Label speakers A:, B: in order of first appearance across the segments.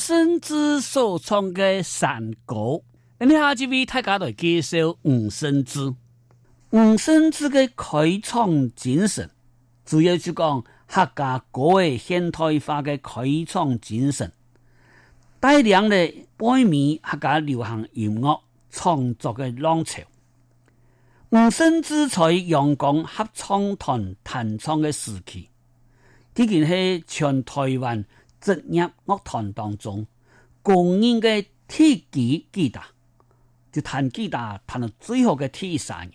A: 盛智所創嘅成果，咁你好，幾位睇家嚟介紹吳盛智。吳盛智嘅開創精神，主要就講客家歌藝現代化嘅開創精神，帶領呢百米客家流行音樂創作嘅浪潮。吳盛智在陽光合唱團彈唱嘅時期，呢件係全台灣。職業樂團當中，公認嘅鐵吉他，就彈吉他彈到最好嘅鐵生嘅，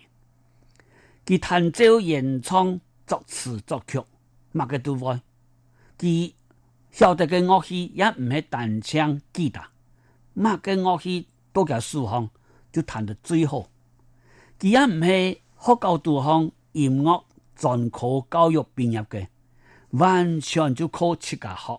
A: 佢彈奏、演唱、作詞作曲，乜嘅都會。佢曉得嘅樂器也唔係彈唱吉他，乜嘅樂器都叫舒放，就彈得最好。佢也唔係高等教育音樂專科教育畢業嘅，完全就靠自家學。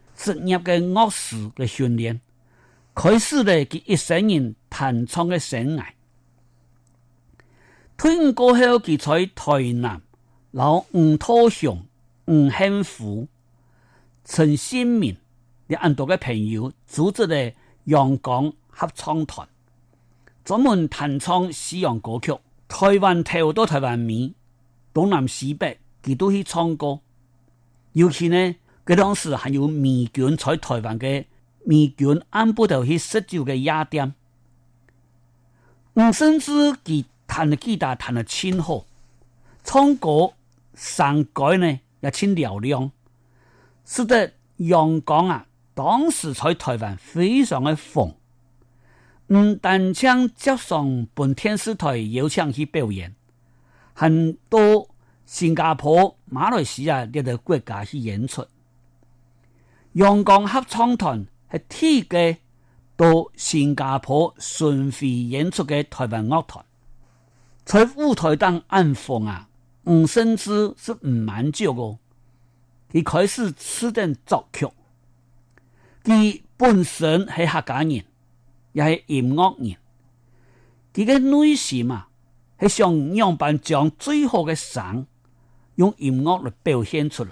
A: 職業嘅樂士嘅訓練，開始咧，佢一生人彈唱嘅生涯。退伍後，佢在台南，有吳濤雄、吳興富、陳新明，一按多嘅朋友組織咧，陽江合唱團，專門彈唱西洋歌曲。台灣頭到台灣面，東南西北，佢都去唱歌，尤其呢。佢當時還有美軍在台灣的美軍安布道去十九的夜店，嗯，盛智佢談了吉他談的清貨，唱歌上蓋呢也清嘹亮，使得陽光啊當時在台灣非常的紅，嗯，但槍加上本天師台有槍去表演，很多新加坡馬來西亞各個國家去演出。陽光合唱團係第一個到新加坡巡迴演出嘅台灣樂團，在舞台登暗房啊，吳盛智是唔滿足個，佢開始出啲作曲，佢本身係客家人，又係音樂人。佢嘅女士嘛，係想用品將最好嘅聲用音樂來表現出來。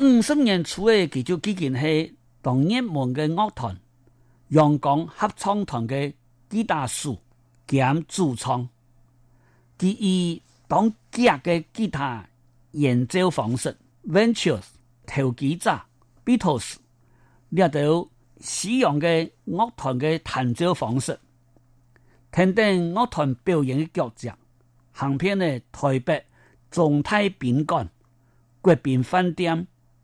A: 五十年初嘅幾組幾件係同一門嘅樂團，陽光合唱團嘅吉他手兼主唱，基於當家嘅吉他演奏方式，Ventures 投機者 Beatles 獵到西洋嘅樂團嘅彈奏方式，聽聽樂團表演嘅腳着，行遍呢台北中泰賓館，國賓飯店，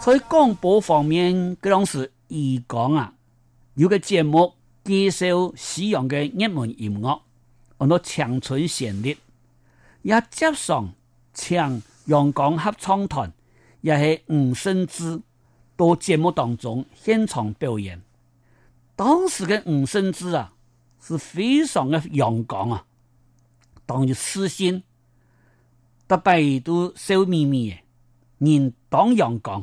A: 在廣播方面，嗰陣時而講啊，有個節目介紹西洋嘅熱門音樂，我哋長吹旋律，也接上唱陽光合唱團，也係吳盛智到節目當中現場表演。當時嘅吳盛智啊，是非常嘅陽光啊，當住私信，大家都笑眯眯嘅，人當陽光。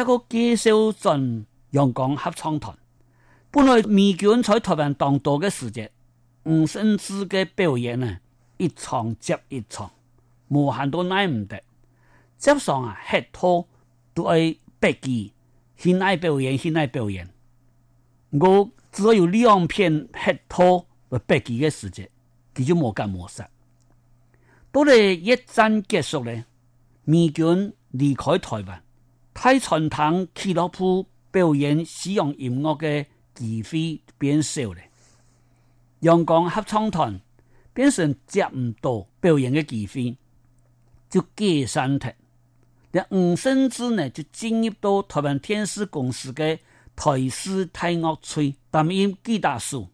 A: 一個紀少俊陽光合唱團。本來美軍在台灣當道嘅時節，吳盛智嘅表演呢，一場接一場，無限都耐唔得。接上啊乞討都係白旗，先愛表演，先愛表演。我只要有兩片乞討白旗嘅時節，佢就冇干冇殺。到嚟一戰結束咧，美軍離開台灣。睇傳堂俱樂部表演西洋音樂嘅機會變少了，陽光合唱團變成接唔到表演嘅機會，就解散了。但吳盛智呢就進入到台灣電視公司嘅台視大樂隊，擔任吉他手，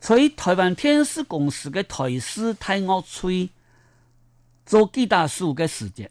A: 所以台灣電視公司嘅台視大樂隊做吉他手嘅時間。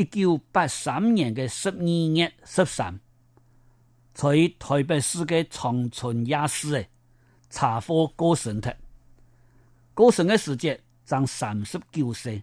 A: 一九八三年嘅十二月十三，在台北市嘅長春夜市誒，車禍過身泰。過身嘅時節，正三十九歲。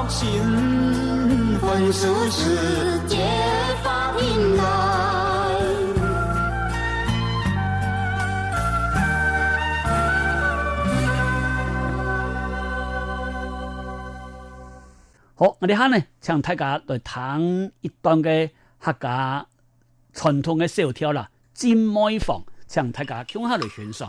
A: 好，我哋哈咧，請睇下嚟談一段嘅客家傳統嘅小調啦，金《煎麥房》請睇下，聽下嚟欣賞。